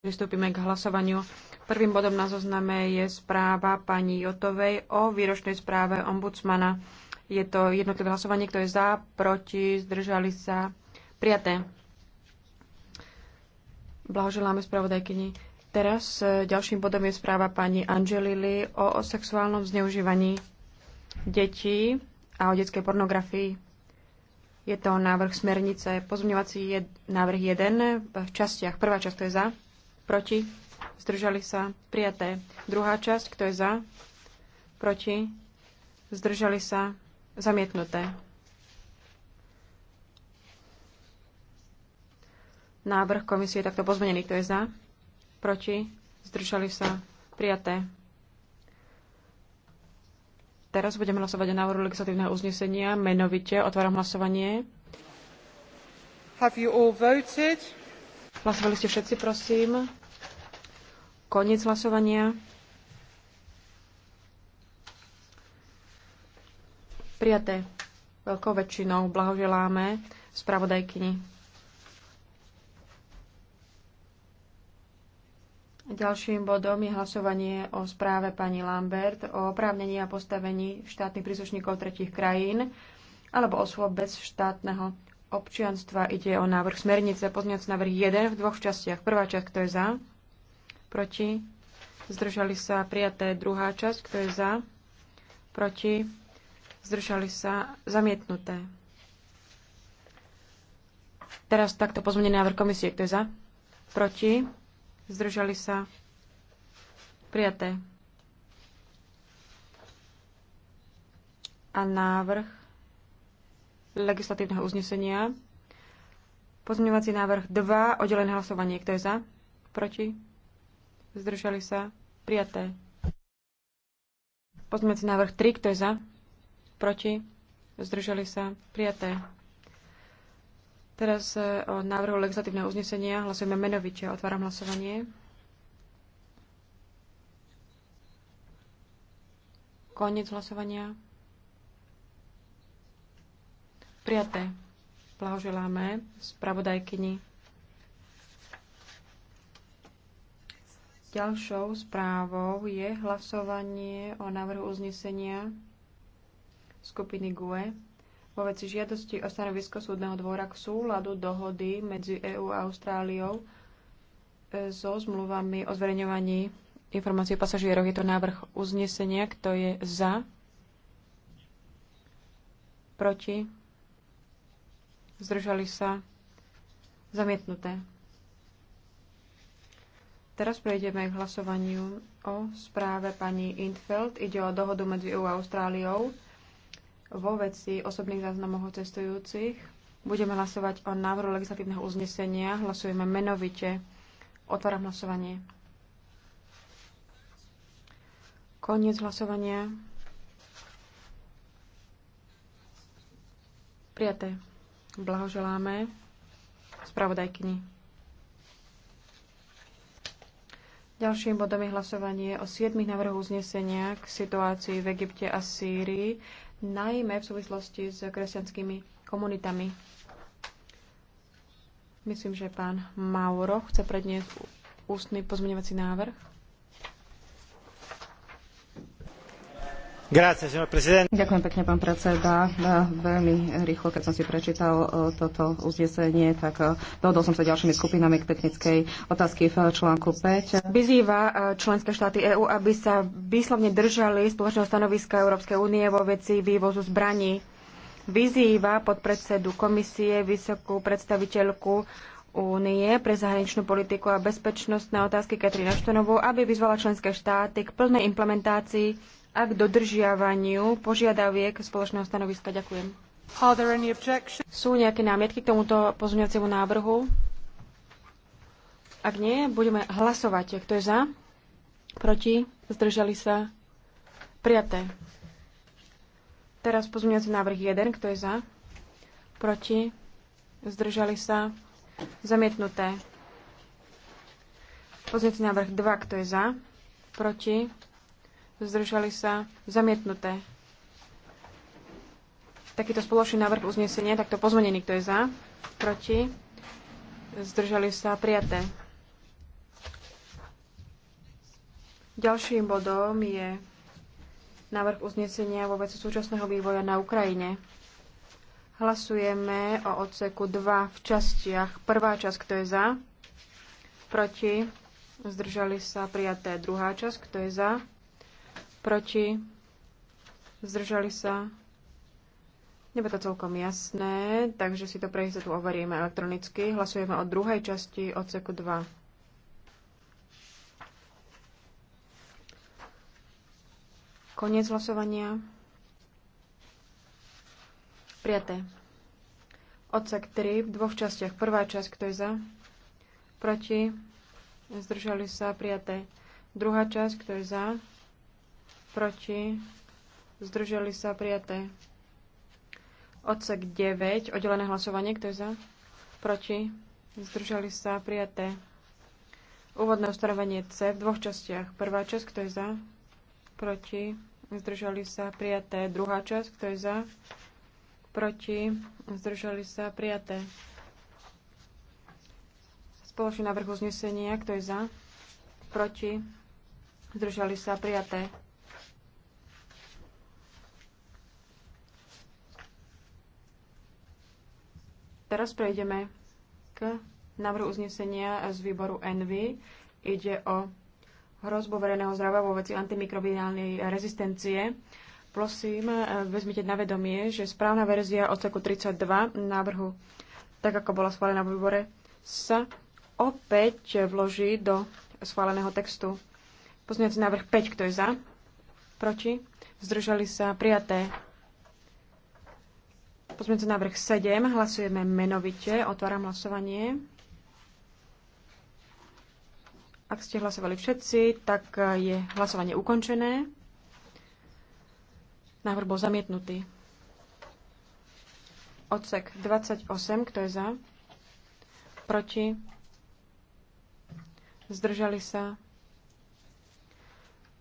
Pristúpime k hlasovaniu. Prvým bodom na zozname je správa pani Jotovej o výročnej správe ombudsmana. Je to jednotlivé hlasovanie, kto je za, proti, zdržali sa, prijaté. Blahoželáme spravodajkyni. Teraz e, ďalším bodom je správa pani Angelili o, o sexuálnom zneužívaní detí a o detskej pornografii. Je to návrh smernice, je, návrh 1 v častiach. Prvá časť to je za Proti? Zdržali sa? Prijaté. Druhá časť. Kto je za? Proti? Zdržali sa? Zamietnuté. Návrh komisie je takto pozmenený. Kto je za? Proti? Zdržali sa? Prijaté. Teraz budeme hlasovať o návrhu legislatívneho uznesenia. Menovite otváram hlasovanie. Have you all voted? Hlasovali ste všetci, prosím. Koniec hlasovania. Prijaté veľkou väčšinou blahoželáme spravodajkyni. Ďalším bodom je hlasovanie o správe pani Lambert o oprávnení a postavení štátnych príslušníkov tretich krajín alebo osôb bez štátneho občianstva. Ide o návrh smernice, pozňac návrh 1 v dvoch častiach. Prvá časť, kto je za? proti, zdržali sa prijaté druhá časť, kto je za, proti, zdržali sa zamietnuté. Teraz takto pozmenený návrh komisie, kto je za, proti, zdržali sa prijaté. A návrh legislatívneho uznesenia. Pozmeňovací návrh 2, oddelené hlasovanie. Kto je za? Proti? Zdržali sa? Prijaté. Pozmeňujúci návrh 3, kto je za? Proti? Zdržali sa? Prijaté. Teraz e, o návrhu legislatívneho uznesenia hlasujeme menovite. Otváram hlasovanie. Koniec hlasovania. Prijaté. Blahoželáme spravodajkyni. Ďalšou správou je hlasovanie o návrhu uznesenia skupiny GUE vo veci žiadosti o stanovisko súdneho dvora k súladu dohody medzi EÚ a Austráliou e, so zmluvami o zverejňovaní informácií o pasažieroch. Je to návrh uznesenia, kto je za, proti, zdržali sa, zamietnuté. Teraz prejdeme k hlasovaniu o správe pani Intfeld. Ide o dohodu medzi EU a Austráliou vo veci osobných záznamov cestujúcich. Budeme hlasovať o návrhu legislatívneho uznesenia. Hlasujeme menovite. Otváram hlasovanie. Koniec hlasovania. Prijaté. Blahoželáme spravodajkyni. Ďalším bodom je hlasovanie o siedmých návrhu uznesenia k situácii v Egypte a Sýrii, najmä v súvislosti s kresťanskými komunitami. Myslím, že pán Mauro chce predniesť ústny pozmeňovací návrh. Ďakujem pekne, pán predseda. E, veľmi rýchlo, keď som si prečítal e, toto uznesenie, tak e, dohodol som sa ďalšími skupinami k technickej otázky v článku 5. Vyzýva členské štáty EÚ, aby sa výslovne držali spoločného stanoviska Európskej únie vo veci vývozu zbraní. Vyzýva podpredsedu komisie, vysokú predstaviteľku únie pre zahraničnú politiku a bezpečnostné otázky Katrina Štonovú, aby vyzvala členské štáty k plnej implementácii a k dodržiavaniu požiadaviek spoločného stanoviska. Ďakujem. Sú nejaké námietky k tomuto pozmeňovaciemu návrhu? Ak nie, budeme hlasovať. Kto je za? Proti? Zdržali sa? Prijaté. Teraz pozmeňovací návrh 1. Kto je za? Proti? Zdržali sa? Zamietnuté. Pozmeňovací návrh 2. Kto je za? Proti? zdržali sa, zamietnuté. Takýto spoločný návrh uznesenia, takto pozmenený, kto je za, proti, zdržali sa, prijaté. Ďalším bodom je návrh uznesenia vo veci súčasného vývoja na Ukrajine. Hlasujeme o odseku 2 v častiach. Prvá časť, kto je za? Proti? Zdržali sa prijaté. Druhá časť, kto je za? proti, zdržali sa. Nebo to celkom jasné, takže si to pre istotu overíme elektronicky. Hlasujeme o druhej časti odseku 2. Koniec hlasovania. Prijaté. Odsek 3 v dvoch častiach. Prvá časť, kto je za? Proti? Zdržali sa prijaté. Druhá časť, kto je za? proti, zdrželi sa prijaté. Odsek 9, oddelené hlasovanie, kto je za, proti, zdrželi sa prijaté. Úvodné ustanovenie C v dvoch častiach. Prvá časť, kto je za, proti, zdrželi sa prijaté. Druhá časť, kto je za, proti, zdrželi sa prijaté. Spoločný návrh uznesenia, kto je za, proti, zdržali sa prijaté. Teraz prejdeme k návrhu uznesenia z výboru ENVY. Ide o hrozbu verejného zdravia vo veci antimikrobiálnej rezistencie. Prosím, e, vezmite na vedomie, že správna verzia odseku 32 návrhu, tak ako bola schválená v výbore, sa opäť vloží do schváleného textu. Pozňujúci návrh 5, kto je za? Proti? Zdržali sa prijaté Pozmeňujúci návrh 7. Hlasujeme menovite. Otváram hlasovanie. Ak ste hlasovali všetci, tak eh, je hlasovanie ukončené. Návrh bol zamietnutý. Odsek 28. Kto je za? Proti? Zdržali sa?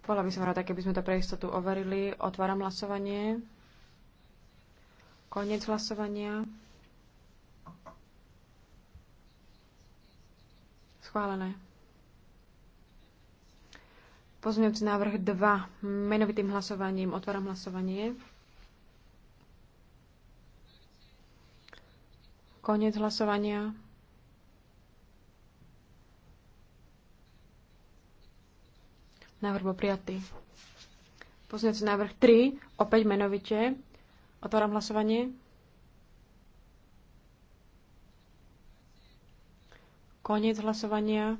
Bola by som rada, keby sme to pre istotu overili. Otváram hlasovanie. Konec hlasovania. Schválené. Pozňujúci návrh 2. Menovitým hlasovaním. Otváram hlasovanie. Koniec hlasovania. Návrh bol prijatý. Pozňujúci návrh 3. Opäť menovite. Otváram hlasovanie. Koniec hlasovania.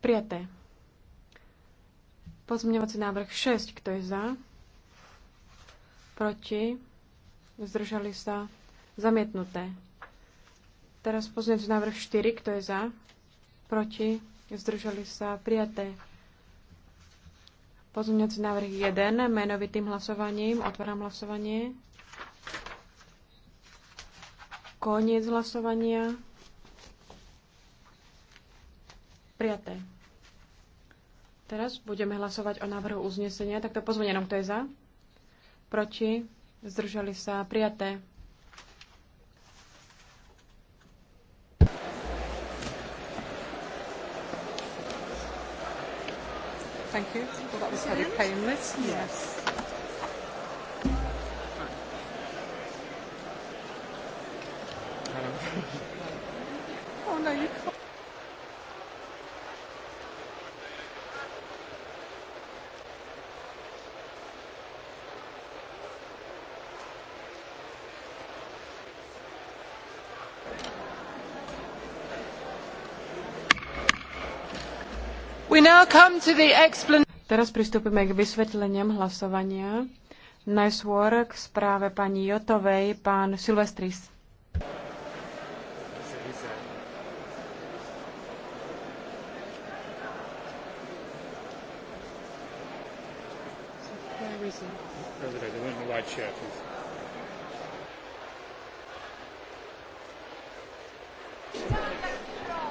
Prijaté. Pozmeňovací návrh 6. Kto je za? Proti? Zdržali sa? Zamietnuté. Teraz pozmeňovací návrh 4. Kto je za? Proti? Zdržali sa? Prijaté. Pozmeňujúci návrh 1, menovitým hlasovaním. Otváram hlasovanie. Koniec hlasovania. Prijaté. Teraz budeme hlasovať o návrhu uznesenia. Takto jenom kto je za? Proti? Zdržali sa? Prijaté. Thank you. Well, that was very painless. Yes. oh, no, you can't. Teraz pristúpime k vysvetleniam hlasovania. Najskôr k správe pani Jotovej, pán Silvestris. Thank you.